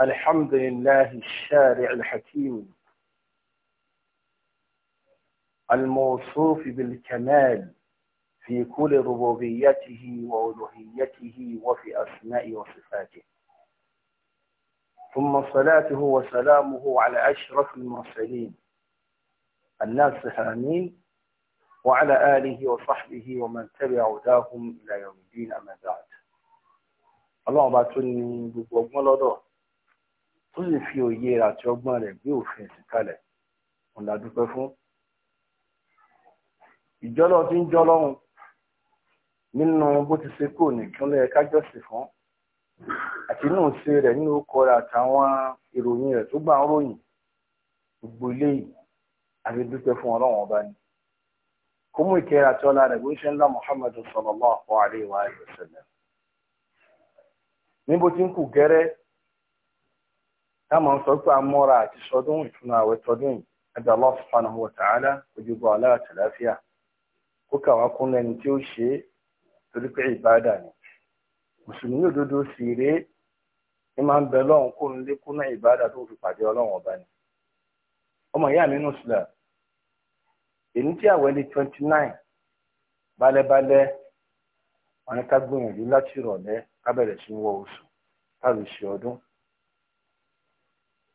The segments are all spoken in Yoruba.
الحمد لله الشارع الحكيم الموصوف بالكمال في كل ربوبيته وألوهيته وفي أسماء وصفاته ثم صلاته وسلامه على أشرف المرسلين الناس آمين وعلى آله وصحبه ومن تبع هداهم إلى يوم الدين أما بعد الله أبعثني بقوة لديه tó sì fi òye rẹ̀ àti ọgbọ́n rẹ̀ gbé òfin sí kalẹ̀ òun la dúpẹ́ fún. ìjọlọ tí ń jọlọ́run nínú bó ti ṣe kò nìkan lẹ́yẹ kájọ́sì fún àti inú ṣe rẹ̀ nínú ọkọ rẹ̀ àtàwọn ìròyìn rẹ̀ tó gbà ń ròyìn gbogbo ilé yìí àti dúpẹ́ fún ọlọ́run ọba ni kó mú ìkẹyà àti ọlá rẹ̀ bó ṣe ńlá muhammadu sallallahu alaihi wa sallam níbo tí ń kù gẹ́rẹ́ táwọn máa ń sọ pé amọ́ra àti sọdún ìtúnu àwẹ̀ tọdún ẹgbẹ́ Allah subhanahu wa ta'ala alára kó kàwá kún tí ó ṣe torí pé ni mùsùlùmí òdodo sì ní máa ń bẹ lọ́hùn kó ń lékún náà tó fi pàdé ọba ni ọmọ ìyá mi nù sílẹ̀ èyí tí àwẹ̀ twenty nine wọn ká gbìyànjú láti rọ̀lẹ́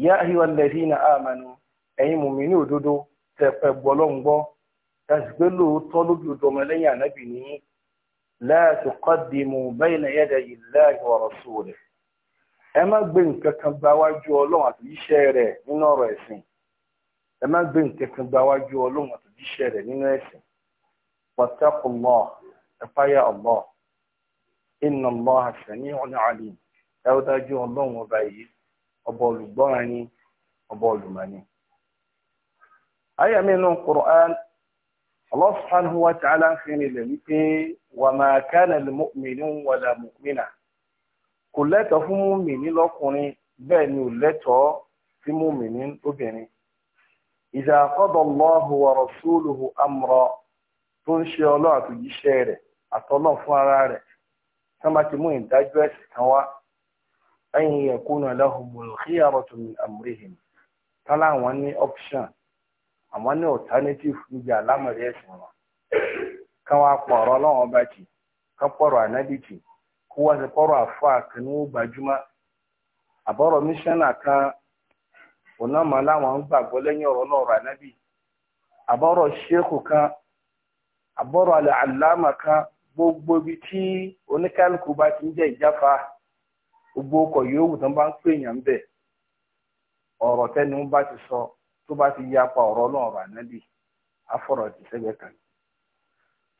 yá àríwá lẹ́sìn àmàlù ẹ̀yin mùmínú òdodo tẹ̀pẹ̀ gbọ́lọ́ngbọ́ tàṣìpé lóòótọ́ lójúdò ọmọlẹ́yìn ànábì ní la tuqaddimu bayna yadayi llahi wa rasulih ẹ má gbé nǹkan kan gba wájú ọlọ́run àti iṣẹ́ rẹ̀ nínú ọ̀rọ̀ ẹ̀sìn ẹ má gbé nǹkan kan gba wájú ọlọ́run àti iṣẹ́ rẹ̀ nínú ẹ̀sìn wattaqullah ẹ ẹ ọba olùgbọ́ràn ni ọba olùmọ̀ ni. ayé mi nù Qur'an Allah subhanahu wa ta'ala ń fi nílẹ̀ wípé wa ma kana lil mu'minin wala mu'mina kò lẹ́tọ̀ fún mùmìnì lọ́kùnrin bẹ́ẹ̀ ni ò lẹ́tọ̀ sí mùmìnì lóbìnrin. idha qada Allahu wa rasuluhu amra tó ń ṣe ọlọ́ àtòjíṣẹ́ rẹ̀ àtọ́lọ́ fún ara rẹ̀ tí ti mú ìdájọ́ ẹ̀sìn kan wá an yakuna lahumul khiyaratu min amrihim tọ́lá àwọn ní option àwọn ní alternative níbi àlámọ̀rí ẹ̀sìn wọn kán wá pọ̀rọ̀ ọlọ́run ọba tì kán pọ̀rọ̀ ànábì tì kó wá sí pọ̀rọ̀ àfọ́ àkànní ó gbajúmọ́ àbọ̀rọ̀ míṣánná kan onáma láwọn ń gbàgbọ́ lẹ́yìn ọ̀rọ̀ náà ọ̀rọ̀ ànábì àbọ̀rọ̀ ṣéèkù kan àbọ̀rọ̀ àlàámà kan gbogbo ibi tí oníkálukú bá ti ń jẹ́ ìjáfa gbogbo ọkọ̀ yòówù tó ń bá ń pè yàn bẹ̀ ọ̀rọ̀ tẹ́ni bá ti sọ tó bá ti yapa ọ̀rọ̀ náà ọ̀rọ̀ ànábì afọ̀rọ̀ ti sẹ́gbẹ̀ kan.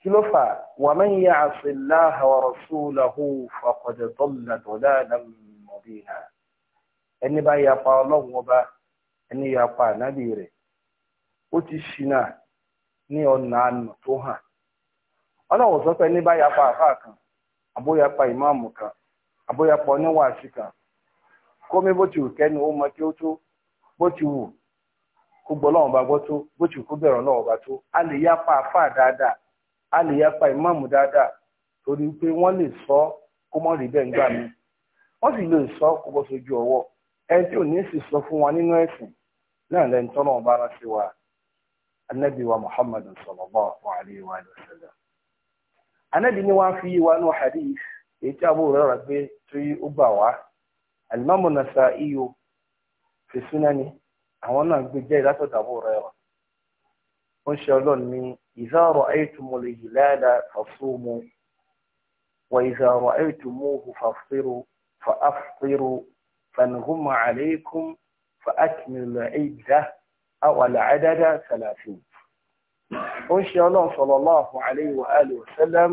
kí ló fà waman ya'si Allaha wa rasulahu faqad dalla dalalan mubina ẹni bá ọlọ́run ọba ẹni ànábì rẹ̀ ó ti ṣìnà ní ọ̀nà àná tó hàn ọlọ́run sọ pé ẹni bá kan ìmáàmù kan àbóyapọ̀ onye síkà kómi bó ti wù kẹ́ni ó mọ kí ó tó bó ti wù kó gbọ́ lọ́wọ́ a lè yapa a lè yapa ìmáàmù dáadáa torí pé wọ́n sọ kó mọ́ rí mi wọn si le sọ kó ọwọ ẹni tí ò ní sì sọ fún wa nínú náà wa anabi wa muhammadu anabi ni èyí tí àbúrò rẹ̀ rà gbé tí ó gbà wá alimami nasa iyo fèsúná ni àwọn náà gbé jẹ́ ìdásọ̀tà àbúrò rẹ̀ rà wọ́n ṣe ọlọ́run ní idha ra'aytumul hilala fasumu wa idha ra'aytumuhu faftiru fa aftiru fanhum alaykum fa akmilu al-idda aw al-adada ó ń ṣe ọlọ́run sallallahu alayhi wa alihi wa sallam.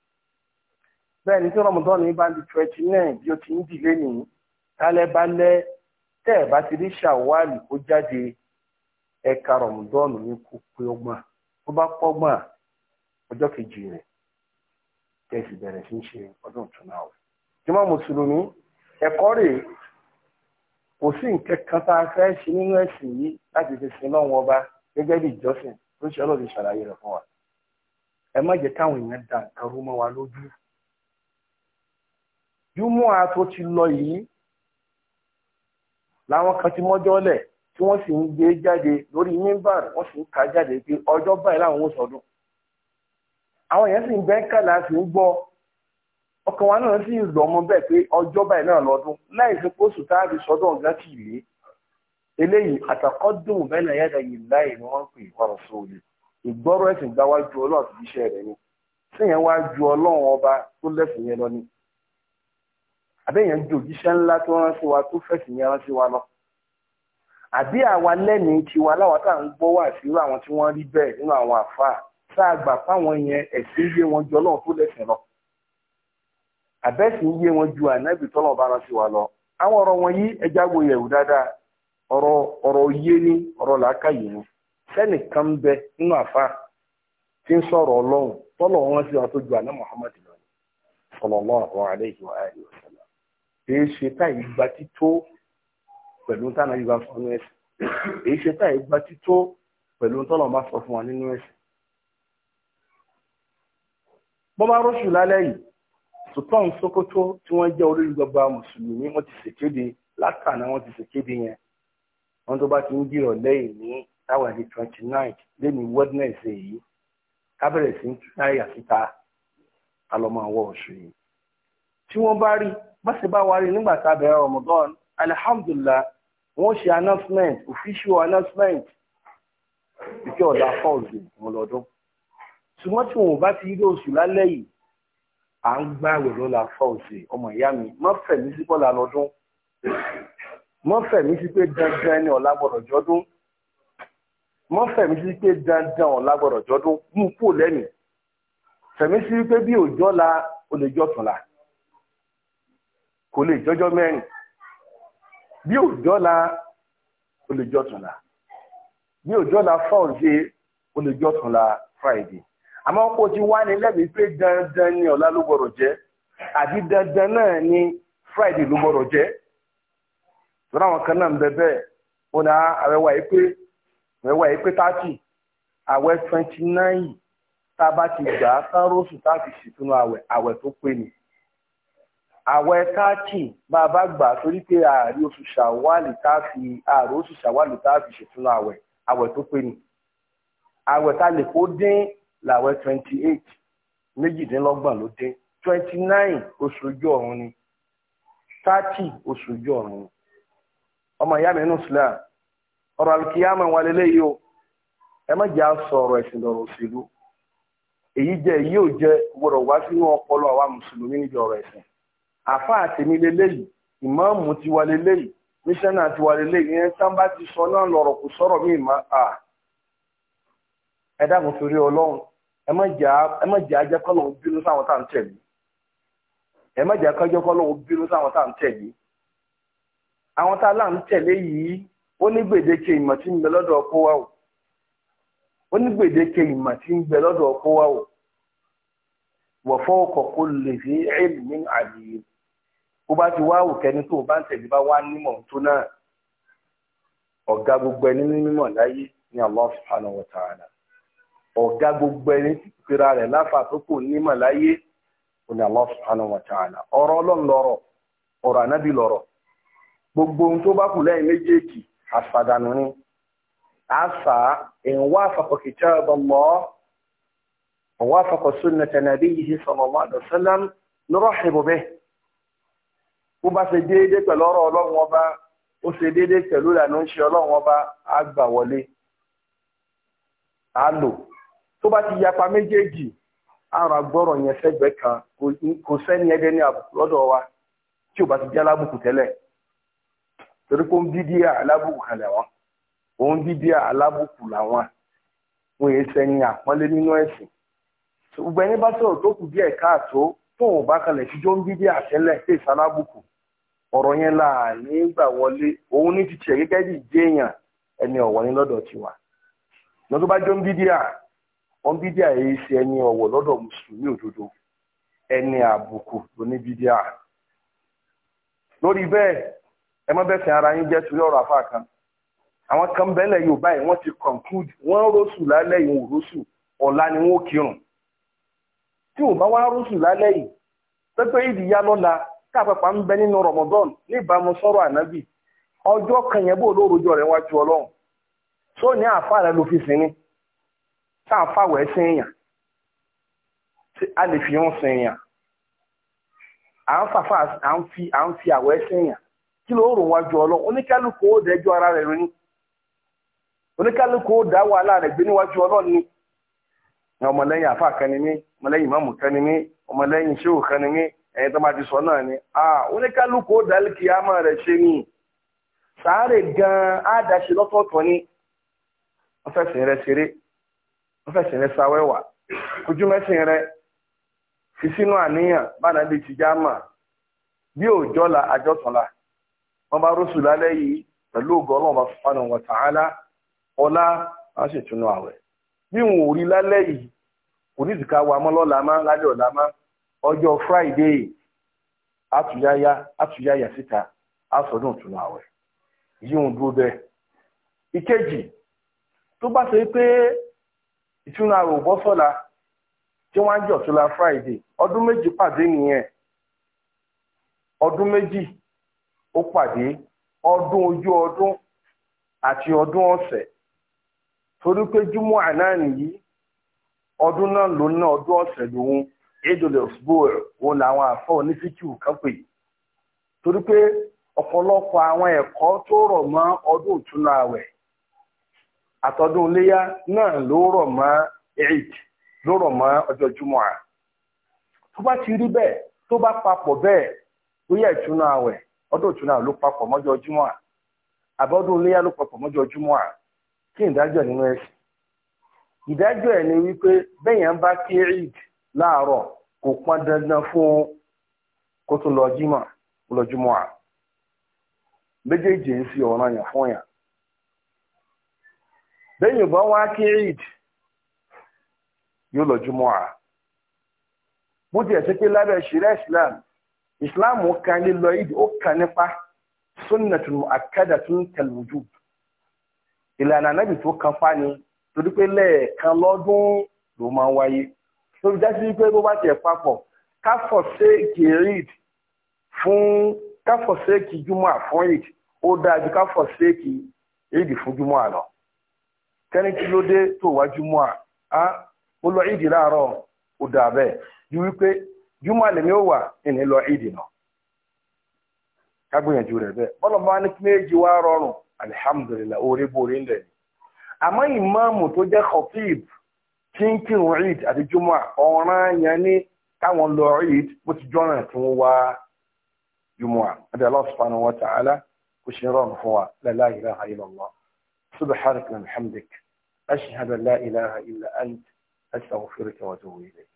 bẹ́ẹ̀ ni tí rọmọdọ́nù yìí bá ń di twenty nine bí o ti ń dìlé nìyí tálẹ́ bá lẹ́ tẹ́ ẹ̀ bá ti rí kó jáde ẹ̀ka kó pé tó bá ọjọ́ kejì rẹ̀ tẹ̀sí bẹ̀rẹ̀ sí ṣe ọdún o. mùsùlùmí ẹ̀kọ́ kò sí kan tá a fẹ́ ṣe nínú fi sin ọba gẹ́gẹ́ bí ìjọsìn tó ṣe wa ẹ má jẹ́ káwọn da nǹkan rú wa lójú júmọ́ àtó ti lọ yìí làwọn kan ti mọ́jọ́ lẹ̀ tí wọ́n sì ń gbé jáde lórí mímbàr wọ́n sì ń ka jáde pé ọjọ́ báyìí làwọn ò sọdún àwọn èèyàn sì ń bẹ́ kàlà sì ń gbọ́ ọkàn wa náà sì lọ mọ bẹ́ẹ̀ pé ọjọ́ báyìí náà lọ́dún láì fi pósù tá a fi sọdún ọ̀gá tì lé eléyìí àtàkọ́dùn bẹ́ẹ̀ yàda yìí láì ni wọ́n ń pè ọ̀rọ̀ sóòlì ìgbọ́rọ̀ ẹ̀sìn gbáwájú ọlọ́run àti iṣẹ́ rẹ̀ ni síyẹn wá ju ọlọ́run ọba tó lẹ́sìn yẹn lọ ni àbẹ́yẹn ju òjíṣẹ́ ńlá tó rán sí wa tó wa lọ àbí àwa lẹ́ni tiwa láwa tá à ń gbọ́ sí irú àwọn tí wọ́n rí bẹ́ẹ̀ nínú àwọn àfáà sáà fáwọn yẹn ẹ̀sìn yé wọn jọ lọ́wọ́ tó lọ àbẹ́sìn yé wọn ju ànábì bá wa lọ àwọn ọ̀rọ̀ ẹja wo dáadáa ọ̀rọ̀ ọ̀rọ̀ yé ọ̀rọ̀ wọn wa lọ ni èyí ṣe táì gba tító pẹ̀lú tánà yìí bá sọ nínú ẹ̀sìn èyí ṣe táì gba tító pẹ̀lú tọ́nà bá sọ fún wa nínú ẹ̀sìn. bọ́n bá rọ́ṣù lálẹ́ yìí sultan sokoto tí wọ́n jẹ́ olórí gbọba mùsùlùmí wọ́n ti ṣèkéde látàná wọ́n ti ṣèkéde yẹn wọ́n tó bá ti ń dìrọ̀ lẹ́yìn ní táwọn ẹ̀dí twenty nine lẹ́nu wednesday yìí kábẹ̀rẹ̀ sí ń tún náírà síta alọ́mọ àwọ̀ ọ̀ṣun yìí tí wọ́n bá rí bá sì bá wa rí bẹ̀rẹ̀ Ramadan Alhamdulillah wọ́n ṣe announcement official announcement ìfẹ́ ọ̀la fọ́ọ̀lù ọmọlọ́dún ṣùgbọ́n tí wọn ò bá ti rí oṣù lálẹ́ yìí à ń gbààwẹ̀ lọ́la fọ́ọ̀lù ọmọ ìyá mi má fẹ̀mí sí bọ́lá lọ́dún má fẹ̀mí sí pé dandan ni ọ̀la gbọ́dọ̀ jọ́dún má fẹ̀mí sí pé dandan ọ̀la gbọ́dọ̀ jọ́dún mú kúrò lẹ́nu fẹ̀mí sí pé bí òjọ́ la olè jọ́ la kò lè jọjọ́ mẹ́rin bí òjọ́ la ó lè jọ́ la bí òjọ́ la fọ́ọ̀dé ó lè jọ́ la friday àmọ́ kó ti wá ní lẹ́bi pé dandan ni ọ̀la ló gbọ́dọ̀ jẹ́ àbí dandan náà ni friday ló gbọ́dọ̀ jẹ́ lọ́nà àwọn kan náà ń bẹ bẹ́ẹ̀ ó ní àwẹ̀wà yìí pé àwẹ̀wà yìí pé thirty àwẹ̀ twenty nine tá a bá ti gbà á sárósù tá a fi ṣètúnú àwẹ̀ àwẹ̀ tó pé ni àwẹ̀ káàtì bàbá gbà torí pé ààrí oṣù ṣàwálì tá a fi ààrò oṣù ṣàwálì tá a fi ṣètúnú àwẹ̀ àwẹ̀ tó pé ni àwẹ̀ tá a lè kó dín làwẹ̀ twenty eight méjìdínlọ́gbọ̀n ló dín twenty nine oṣù ojú ọ̀run ni thirty oṣù ojú ọ̀run ni ọmọ ìyá mi nù sílẹ̀ ọ̀rọ̀ alùkìyàmọ̀ wà lélẹ́yìí o ẹ má jẹ́ àsọ̀rọ̀ ẹ̀sìn lọ́rọ̀ òṣèlú èyí jẹ́ èyí ò jẹ́ gbọ́dọ̀ wá sínú ọpọlọ àwa mùsùlùmí níbi ọ̀rọ̀ ẹ̀sìn àfa àtẹ̀mí leléyìí ìmáàmù ti wà leléyìí mísánà ti wà leléyìí ìyẹn sábà ti sọ náà lọ̀rọ̀ kò sọ̀rọ̀ mí má a ẹ dákun torí ọlọ́run ẹ má jẹ́ ajẹ́ kọ́lọ̀ ń bínú sáwọn tá à ń tẹ̀lé ẹ má jẹ́ kájọ́ kọ́lọ̀ ń bínú sáwọn tá à ń tẹ̀lé àwọn tá a là ń tẹ̀lé yìí ó ní gbèdéke ìmọ̀ tí ń bẹ lọ́dọ̀ ọkọ wa o ó ní gbèdéke ìmọ̀ tí ń bẹ lọ́dọ̀ ọkọ wa o wọ̀fọ́ ọkọ̀ kó lè fi ẹ̀mí àdìyẹ bó bá ti wá òkẹ́ni tó bá ń tẹ̀lé bá wá nímọ̀ tó náà ọ̀gá gbogbo ẹni ní mímọ̀ láyé ní Allah subhanahu ọ̀gá gbogbo ẹni rẹ̀ tó kò nímọ̀ láyé ní ọ̀rọ̀ ọlọ́run lọ̀rọ̀ ọ̀rọ̀ ànábì gbogbo ohun tó bá kù lẹ́yìn méjèèjì ni ìwà ọ̀wà bó bá ṣe déédé pẹ̀lú ọ̀rọ̀ ọlọ́run ọba ó ṣe déédé pẹ̀lú ìlànà ń ṣe ọlọ́run ọba á gbà wọlé á lò tó bá ti yapa méjèèjì àrùn agbọ́rọ̀ yẹn sẹ́gbẹ̀ẹ́ kan kò sẹ́ni ẹgbẹ́ ní àbùkù lọ́dọ̀ wa tí ò bá ti jẹ́ alábùkù tẹ́lẹ̀ torí pé ó ń dídí alábùkù kan làwọn ó ń dídí alábùkù làwọn wọn èé sẹ́ni àpọ́nlé nínú ẹ̀sìn gbogbo ẹni bá sọ̀rọ̀ tó kù díẹ̀ káàtó tóun bá kalẹ̀ síjọ́ ń dídí àtẹ́lẹ̀ tẹ̀ sálábùkù ọ̀rọ̀ yẹn là nígbà wọlé òun ní ti gẹ́gẹ́ bí jéèyàn ẹni ọ̀wọ̀ ní lọ́dọ̀ tiwa ní bá jọ ń bídíà wọn bídíà yìí ṣe ẹni ọ̀wọ̀ lọ́dọ̀ mùsùlùmí òdodo ẹni àbùkù lórí bẹ́ẹ̀ ẹ má ara yín jẹ́ torí ọ̀rọ̀ kan àwọn kan bẹ́lẹ̀ wọ́n ti conclude wọ́n lálẹ́ yìí wọ́n ọ̀la ni wọ́n kírun tí ò bá wá lálẹ́ yìí pẹ́pẹ́ lọ́la kápapà ń bẹ nínú Ramadan níbàámu sọ̀rọ̀ ànábì ọjọ́ kan yẹn bó lórúkọ rẹ̀ wájú ọlọ́run tó ní àfa rẹ̀ ló fi sinmi tá a tí a lè fi hàn sí à ń fàfà à ń fi à ń fi kí ló rò wájú ọlọ́run oníkálukú ó ara rẹ̀ lóní oníkálukú ẹ̀yìn tó máa ti sọ náà ni oníkálukú ó àmọ́ rẹ̀ ṣe ni sàárè gan-an á lọ́tọ̀ọ̀tọ̀ ni wọ́n fẹ́ sìn rẹ ṣeré wọ́n fẹ́ sìn ti jámà bí la lálẹ́ yìí pẹ̀lú Ọlọ́run bá ọlá bí wọn lálẹ́ yìí kò má lálẹ́ ọ̀la má ọjọ́ friday àtúnyáyá àtúnyáyá síta àsọdún ìtùnú àwẹ̀ yíò dúró bẹ́ẹ̀. ìkejì tó bá ṣe pé ìtùnú àwẹ̀ ò bọ́ sọ́la tí wọ́n á jọ friday ọdún méjì pàdé nìyẹn ọdún méjì ó pàdé ọdún ojú ọdún àti ọdún ọ̀sẹ̀ torí pé júmọ́ àná nìyí ọdún náà ló ná ọdún ọ̀sẹ̀ lòun Eidul Usbu' òun làwọn afọ onífíkì kan pè torí pé ọ̀pọ̀lọpọ̀ àwọn ẹ̀kọ́ tó rọ̀ mọ́ ọdún ìtúnu àwẹ̀ àtọdún iléyá náà ló rọ̀ mọ́ Eid ló rọ̀ mọ́ ọjọ́ à tó bá ti rí bẹ́ẹ̀ tó bá papọ̀ bẹ́ẹ̀ ọdún ló papọ̀ mọ́jọ́ láàárọ̀ kò pọn dandan fún kó tún lọ jímọ̀ lọ́júmọ́ à méjèèjì ń fi ọ̀ràn yàn fún yàn lẹ́yìn bá wá kí eid yóò lọ́júmọ́ à bó tiẹ̀ sí pé lábẹ́ islam islam kan lílọ eid ó kan nípa sunnatun akadatun ìlànà anábì tó kan torí pé lẹ́ẹ̀kan lọ́dún ló máa tó fi wípé bó bá tiẹ̀ papọ̀ ká fún ká forsake júmọ́ fún read ó dáa fún kẹ́ni ló dé tó wá mo lọ ìdí láàárọ̀ ó dáa bẹ́ẹ̀ ju wípé júmọ́ àlẹ́mí ó wà ìní lọ ìdí náà ká rẹ̀ bẹ́ẹ̀ ní kí méjì wá rọrùn alihamudulilayi ń lẹ̀ àmọ́ ìmáàmù tó jẹ́ tí ń kírun eid àti jumọ ọ̀ràn yẹn ní káwọn lọ eid bó ti jọ́nà tí wọ́n wá jumọ àti Allah subhanahu wa ta'ala kò ṣe rọrùn fún wa la ilaha illallah subhanaka wa bihamdik ashhadu an la ilaha illa ant astaghfiruka tó atubu ilayk.